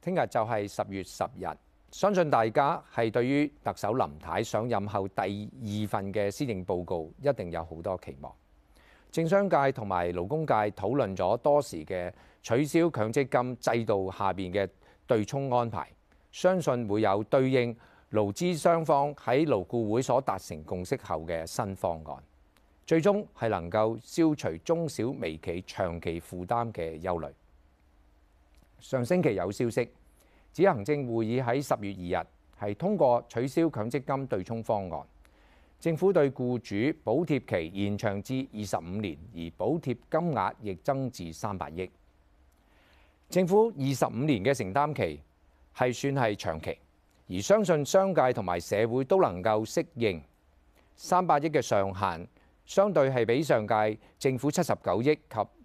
聽日就係十月十日，相信大家係對於特首林太上任後第二份嘅施政報告一定有好多期望。政商界同埋勞工界討論咗多時嘅取消強積金制度下面嘅對沖安排，相信會有對應勞資雙方喺勞顧會所達成共識後嘅新方案，最終係能夠消除中小微企長期負擔嘅憂慮。上星期有消息指，行政會議喺十月二日係通過取消強積金對沖方案。政府對僱主補貼期延長至二十五年，而補貼金額亦增至三百億。政府二十五年嘅承擔期係算係長期，而相信商界同埋社會都能夠適應。三百億嘅上限相對係比上屆政府七十九億及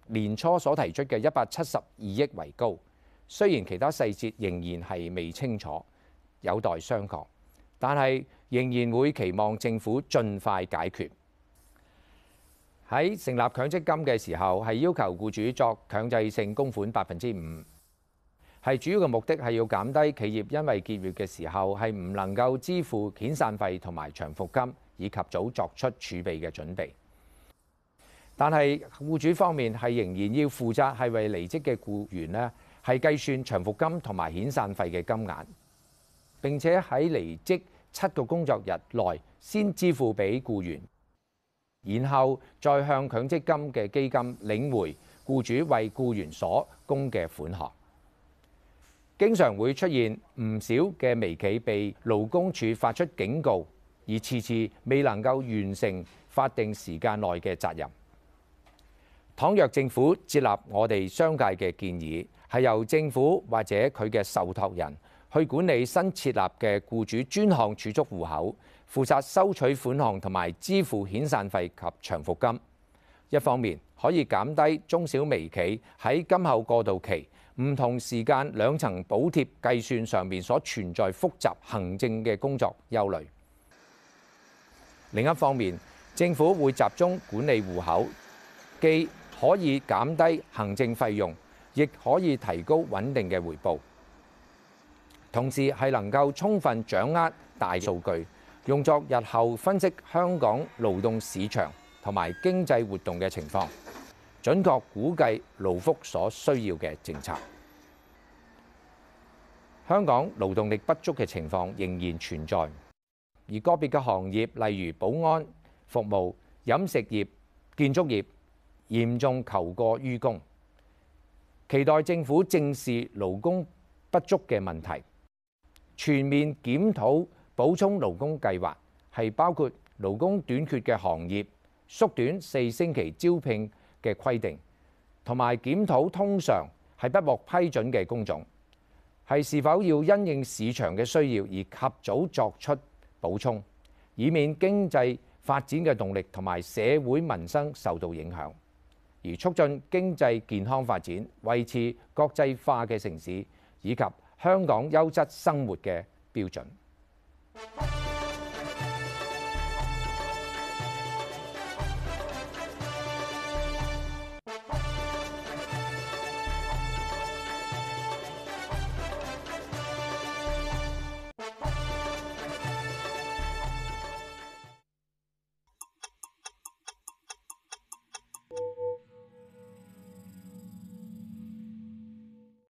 年初所提出嘅一百七十二億為高。雖然其他細節仍然係未清楚，有待商榷，但係仍然會期望政府盡快解決。喺成立強積金嘅時候，係要求僱主作強制性供款百分之五，係主要嘅目的係要減低企業因為結業嘅時候係唔能夠支付遣散費同埋長服金，以及早作出儲備嘅準備。但係僱主方面係仍然要負責係為離職嘅僱員呢。係計算長服金同埋遣散費嘅金額，並且喺離職七個工作日內先支付俾僱員，然後再向強積金嘅基金領回僱主為僱員所供嘅款項。經常會出現唔少嘅微企被勞工處發出警告，而遲遲未能夠完成法定時間內嘅責任。倘若政府接納我哋商界嘅建議，係由政府或者佢嘅受託人去管理新設立嘅僱主專項儲蓄戶口，負責收取款項同埋支付遣散費及長服金。一方面可以減低中小微企喺今後過渡期唔同時間兩層補貼計算上面所存在複雜行政嘅工作憂慮。另一方面，政府會集中管理戶口，既可以減低行政費用，亦可以提高穩定嘅回報。同時係能夠充分掌握大數據，用作日後分析香港勞動市場同埋經濟活動嘅情況，準確估計勞福所需要嘅政策。香港勞動力不足嘅情況仍然存在，而個別嘅行業，例如保安服務、飲食業、建築業，嚴重求過於供，期待政府正視勞工不足嘅問題，全面檢討補充勞工計劃，係包括勞工短缺嘅行業，縮短四星期招聘嘅規定，同埋檢討通常係不獲批准嘅工種，係是否要因應市場嘅需要而及早作出補充，以免經濟發展嘅動力同埋社會民生受到影響。而促進經濟健康發展，維持國際化嘅城市以及香港優質生活嘅標準。